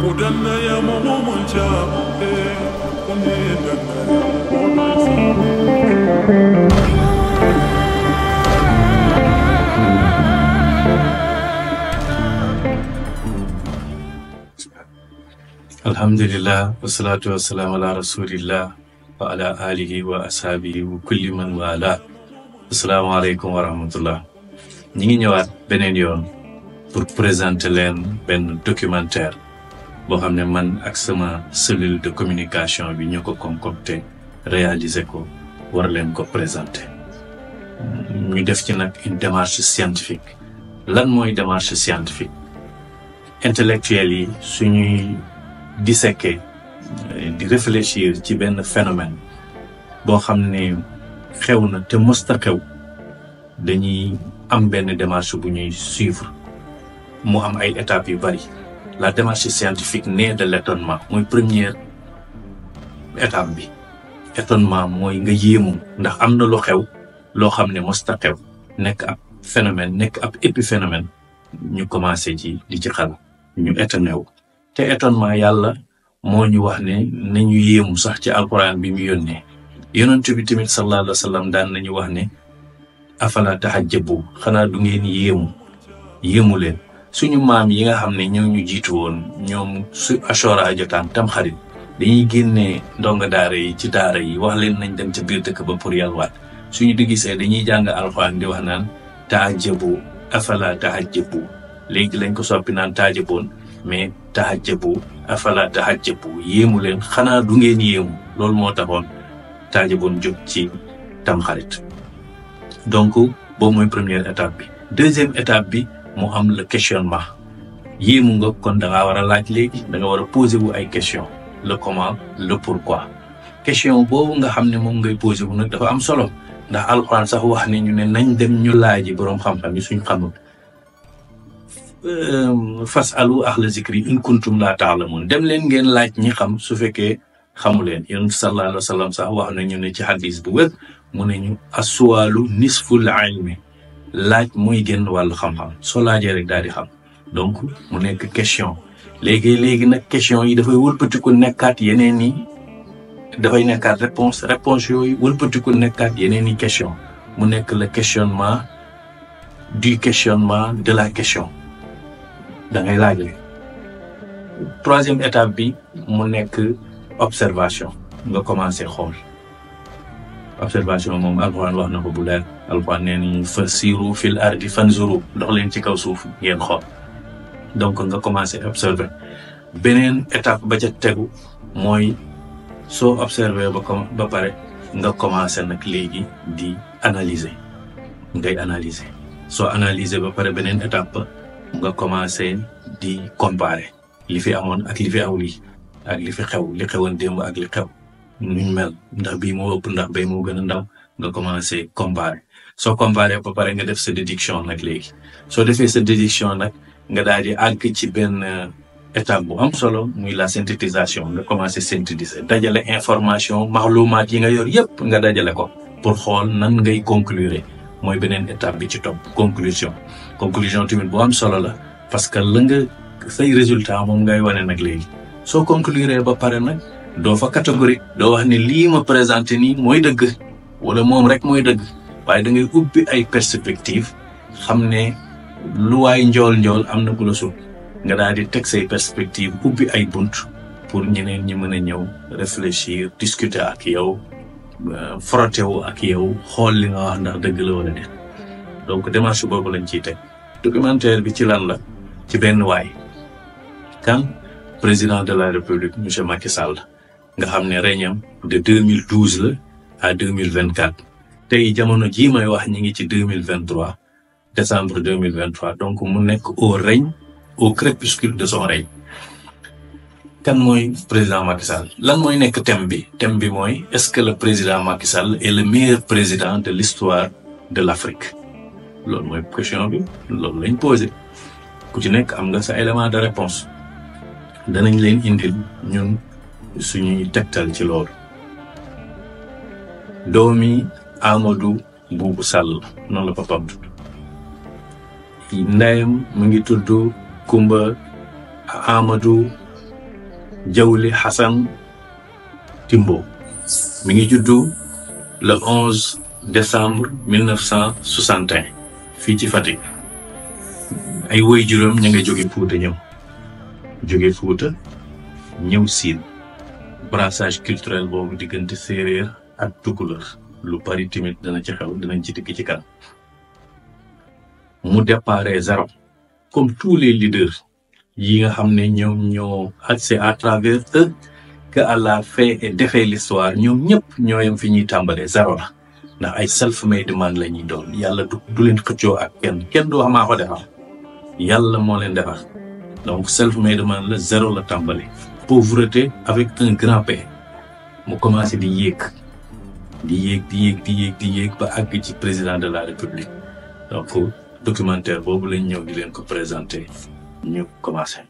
Kudanna ya muhumunca kune danna alhamdulillah wasalatu wasalam ala rasulillah wa ala alihi wa ashabihi wa kulli man wala asalaamaaleykum wa rahmatullah ñi ngi ñëwaat beneen yoon pour présenter leen benn documentaire boo xam ne man ak sama cellule de communication bi ñu ko concocté réaliser ko wara leen ko présenter ñu def ci nag une démarche scientifique lan mooy démarche scientifique intellectuels yi suñuy disséquer di réfléchir ci benn phénomène boo xam ne xew na te mësta xew dañuy am benn démarche bu ñuy suivre mu am ay étapes yu bari la démarche scientifique née de l'étonnement mooy première étape bi étonnement mooy nga yéemu ndax am na lu xew loo xam ne mosta xew nekk ab phénomène nekk ab épiphénomène ñu commencé ci di ci xalaat ñu étonné te étonnement yàlla moo ñu wax ne na ñu yéemu sax ci alxuraan bi mu yónnee yonent bi tamit sallallahu alayhi daan sallam daan wax ne afala jëbu xanaa du ngeen yéemu yéemu leen suñu maam yi nga xam ne ñoo ñu jiitu woon ñoom su ashora jotaan tam xarit dañuy génnee ndongo daara yi ci daara yi wax leen nañ dem ca biir dëkk ba pour yalwaat suñu digisee dañuy jàng alxuraan di wax naan tahajjabu afala tahajjabu léegi lañ ko soppi naan taajaboon mais tahajjabu afala tahajjabu yéemu leen xanaa du ngeen yéemu loolu moo taxoon taaliboon jóg ci tamxarit donc boo mooy premier étape bi deuxième étape bi mu am le questionnement mu nga kon da ngaa war a laaj léegi da nga war a poser ay question le comment le pourquoi question boobu nga xam ne moom ngay posé wu nag dafa am solo ndax alxuraan sax wax ne ñu ne nañ dem ñu laaj boroom xam-xam yi suñ xamul euh, fas ahla zikri in kuntum laa taalamun dem leen ngeen laaj ñi xam su fekkee xamu leen yonent sallallahu alayhi wa sallam sax wax nañu ne ci xadis bu wér mu ne ñu a asuwaalu nisful ilmi laaj muy génn wàllu xam-xam soo laajee rek daal di xam donc mu nekk question léegi léegi nag question yi dafay wëlbatiku nekkaat yeneen yi dafay nekkaat réponse réponse yooyu wëlbatiku nekkaat yeneen yi question mu nekk la questionnement du questionnement de la question da ngay laaj troisième étape bi mu nekk observation nga commencé xool observation moom alxuraan wax na ko bu leer alxuraan nee nañu fa siiru fil ardi fanzuru dox leen ci kaw suuf ngeen xool donc nga commencé observer beneen étape ba ca tegu mooy soo observer ba com ba pare nga commencé nag léegi di analyser ngay analyser soo analyser ba pare beneen étape nga commencé di comparer li fi amoon ak li fi awul ak li fi xew li xewoon démb ak li xew nuñ mel ndax bii moo ëpp ndax bay moo gën ndaw nga commencé comparer soo comparer ba pare nga def sa déduction nag léegi soo defee sa déduction nag nga daaj di àgg ci benn euh, étape bu am solo muy la synthétisation nga commencé synthétiser dajale information maxlumaat yi nga yor yépp nga dajale ko pour xool nan ngay conclure mooy beneen étape bi ci topp conclusion conclusion tamit bu am solo la parce que la nga say résultat moom ngay wane nag léegi soo conclure ba pare nag doo fa catégorique doo wax ne lii ma présenté nii mooy dëgg wala moom rek mooy dëgg waaye da ngay ubbi ay perspective xam ne lu waay njool njool am na ku la sut nga daal di teg say perspective ubbi ay bunt pour ñeneen ñi mën a ñëw réfléchir discuter ak yow euh, frotter wu ak yow xool li nga wax ndax dëgg la wala déet donc démarche boobu lañ ciy teg documentaire bi ci lan la ci benn waay kan président de la république monsieur Macky Sall nga xam ne régnam de mille 2012 la mille à 2024 tey jamono jii may wax ñi ngi ci 2023 décembre 2023 donc mu nekk au règne au crépuscule de son règne kan mooy président Macky lan mooy nekk thème bi thème bi mooy est-ce que le président Macky Sall est le meilleur président de l'histoire de l'Afrique loolu mooy question bi loolu lañ posé ku ci nekk am nga sa élément de réponse danañ leen indil ñun suñuy tegtal ci loolu doomi bu Boubou Sall noonu la papam tudd ndeyam mu ngi tudd Kumba amadu Jawli Hassan Timbo mi ngi juddu le 11 décembre 1961 fii ci Fatick ay woy juróom ña nga jóge Fuuta ñëw jóge Fuuta ñëw siin brassage culturel boobu diggante séeréer ak tukulër lu bari tamit dana ci xew danañ ci dikk ci kanam mu dépare zéro comme tous les leaders yi nga xam ne ñoom ñoo accès à travers eux que Allah fait et défait l'histoire ñoom ñëpp ñooyam fi ñuy tàmbalee zéro la ndax ay self-made man la ñuy doon yàlla du du leen xëccoo ak kenn kenn du wax maa yàlla moo leen defar donc self-made man la la tàmbali. pauvreté avec un grand P mu commencé di yéeg di yéeg di yéeg di yéeg di ba àgg ci président de la république donc documentaire boobu lañ ñëw di leen ko présenté ñu commencé.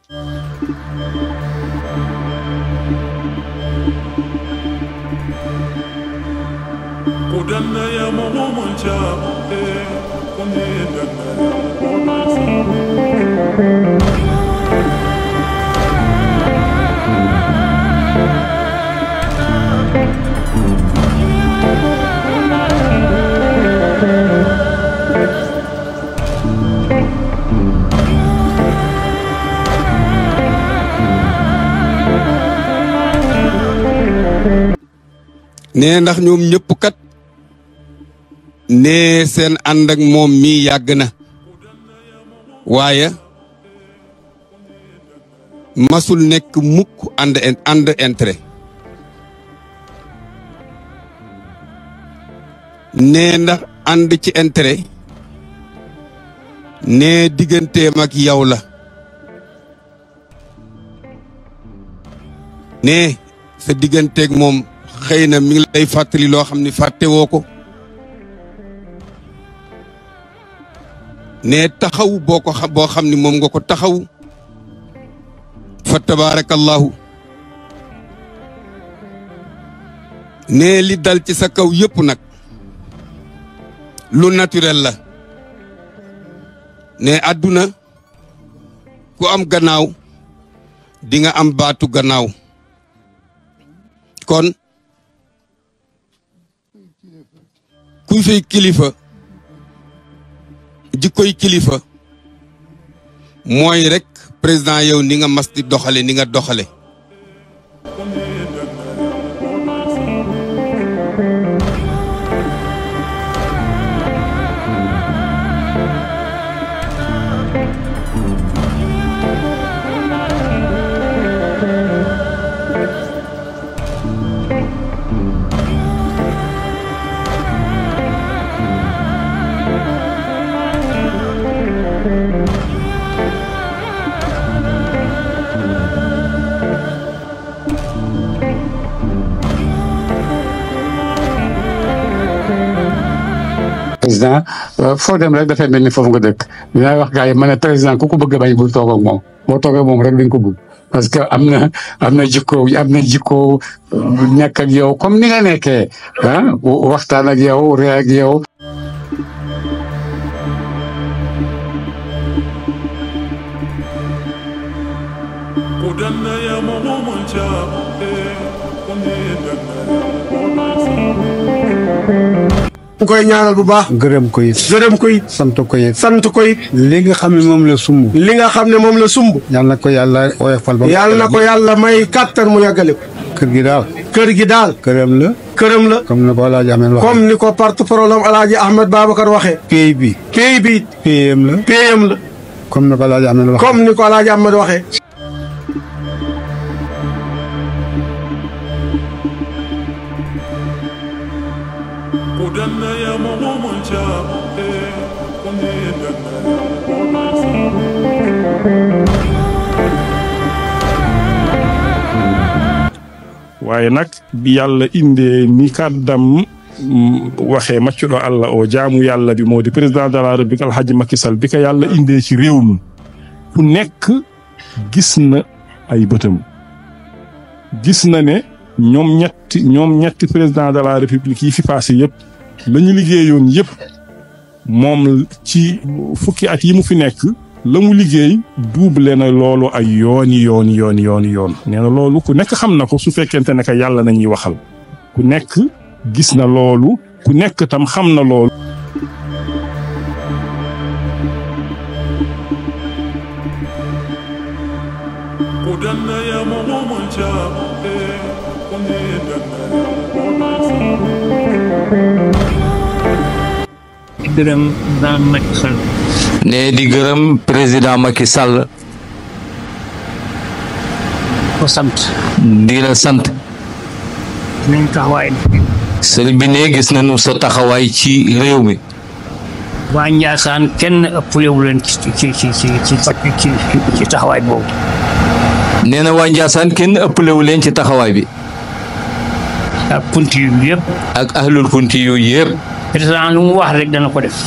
nee ndax ñoom ñëpp kat nee seen ànd ak moom mii yàgg na waaye masul nekk mukk ànd ànd nee ndax ànd ci intérêt nee digganteem ak yow la nee sa digganteeg moom xëy na mi ngi lay fàttali loo xam ni fàttewoo ko nee taxaw boo boo xam ni moom nga ko taxaw fa tabaarakallaahu ne li dal ci sa kaw yëpp nag lu naturel la ne àdduna ku am gannaaw di nga am baatu gannaaw kon ku say kilifa jikkoy kilifa mooy rek président yow ni nga mas di doxale ni nga doxale président euh, foo dem rek da mel ni foofu nga dëkk dinaa wax gars yi ma ne président ku ko bëgg a bañ bul toog ak moom boo toog moom rek duñ ko bëgg parce que am na am na jiko am na jikko euh, nekk ak yow comme ni nga nekkee ah, waxtaan ak yow yow. bu koy ñaanal bu baax. gërëm ko it. gërëm ko sant ko sant ko it. li nga xam ne moom la sumb. li nga xam ne moom la sumb. yal na ko yàlla fal ba. yal na ko yàlla may kàttan mu yàggale ko. kër gi daal. kër gi daal. këram la. këram la. comm ni ko Alaaji Ahmed waxee. comme ni ko porte-parole am Alaaji Ahmed Babacar waxee. pay bi. pay bi. payam la. payam la. comme ni ko Alaaji Ahmed waxee. comme waxee. waaye nag bi yàlla indee ni kàddam waxee maccuɗo allah o jaamu yàlla bi moo di président de la république alhaji Macky Sall bi ko yàlla indee ci réew mi ku nekk gis na ay bëtam gis na ne ñoom ñetti ñoom ñetti président de la république yi fi passé yëpp la ñu liggéeyoon yëpp moom ci fukki at yi mu fi nekk la mu liggéey double na loolu ay yooni yoon yoon yoon yoon nee na loolu ku nekk xam na ko su fekkente ne que yàlla nañuy waxal ku nekk gis na loolu ku nekk tam xam na loolu ne di gërëm président Macky Sall. ko sant. di la sant. nañ taxawaay bi. sëriñ bi ne gis nañu soo taxawaay ci réew mi. waa Njaasaan kenn ëppalewu leen ci ci ci ci ci ci boobu. nee na waa Njaasaan kenn ëppalewu leen ci taxawaay bi. ak punti yu yëpp. ak ahlul punti yu yëpp. président lu mu wax rek dana ko def.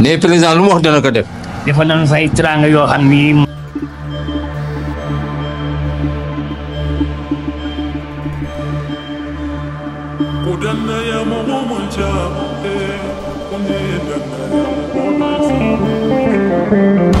ne président lu mu wax dana ko def. defal nañu fay teraanga yoo xam ni. Thank you.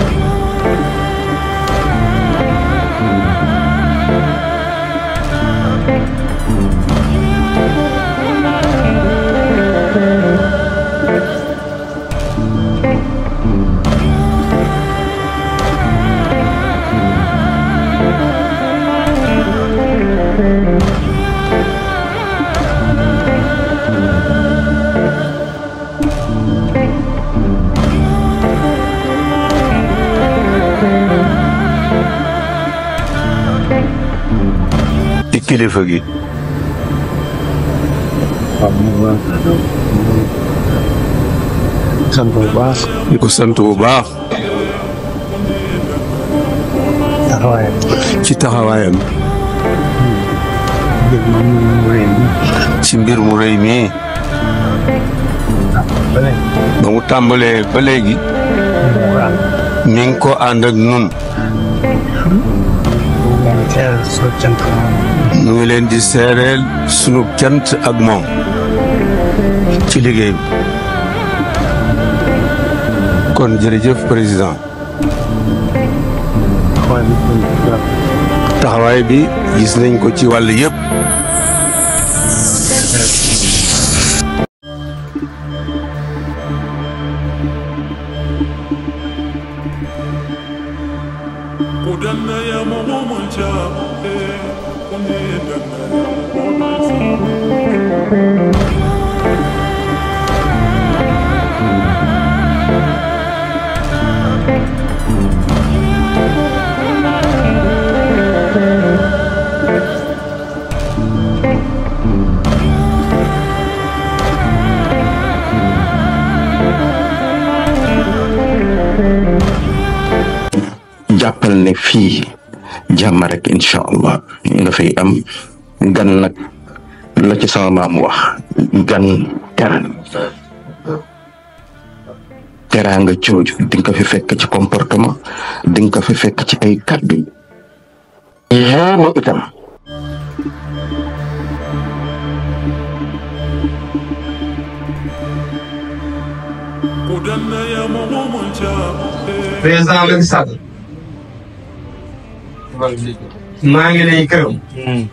kilifa gi. sant bu ko sant bu baax. ci taxawaayam. ci mbir mu rëy mii. ba mu tàmbalee ba léegi. mi ko ànd ak nun ñu ngi leen di seereel sunu cant ak moom ci liggéey bi kon jërëjëf président taxawaay bi gis nañ ko ci wàll yëpp Thank you. xamal ne fii jàmm rek incha allah nga fay am gan nag la ci sama maam wax gan ter teraanga cooju di nga ko fi fekk ci comportement di nga ko fekk ci ay kàddu yéemu itam maa ngi lay gërëm. Hmm.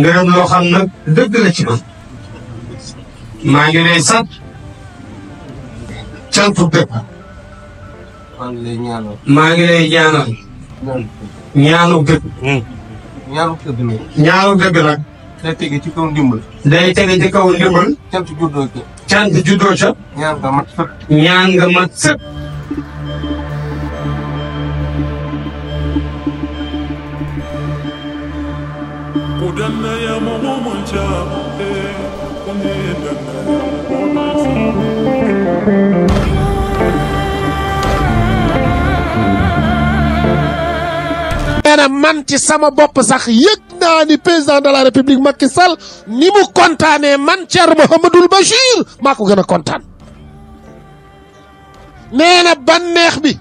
ngërëm loo xam nag dëgg la ci man. maa ngi lay sant. cantu dëgg. Hmm. day tege ci kaw ndimbal. day tege ci kaw ndimbal. cant juddoo ca. ñaan nga mat sëkk. kudanna man ci sama bopp sax yëg naa ni président de la république Macky Sall ni mu kontaanee man Thierno Mouhamadoul Bachir maa ko gën kontaan nee banneex bi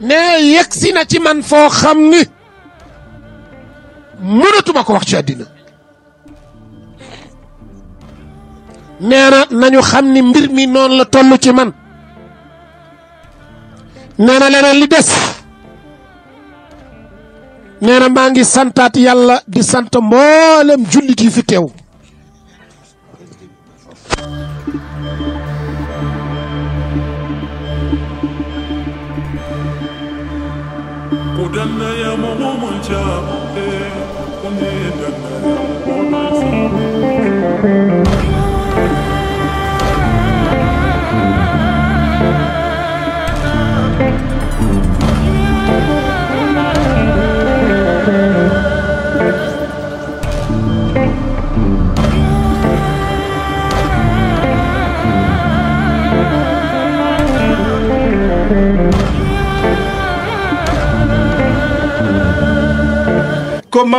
ne yegg si na ci man foo xam ni mënatuma ko wax ci àddina nee nañu xam ni mbir mi noonu la toll ci man neena leneen li des nee maa ngi santaat yàlla di sant mboolem jullit yi fi teew udanna ya mumu muncha eh kundi danna ya mumu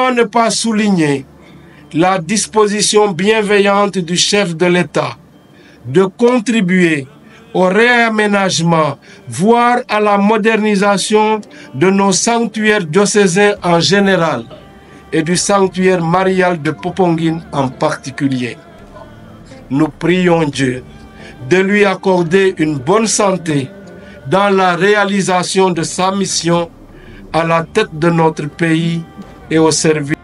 Comment ne pas souligner la disposition bienveillante du chef de l'État de contribuer au réaménagement, voire à la modernisation de nos sanctuaires diocésains en général et du sanctuaire marial de Popongine en particulier. Nous prions Dieu de lui accorder une bonne santé dans la réalisation de sa mission à la tête de notre pays eu servi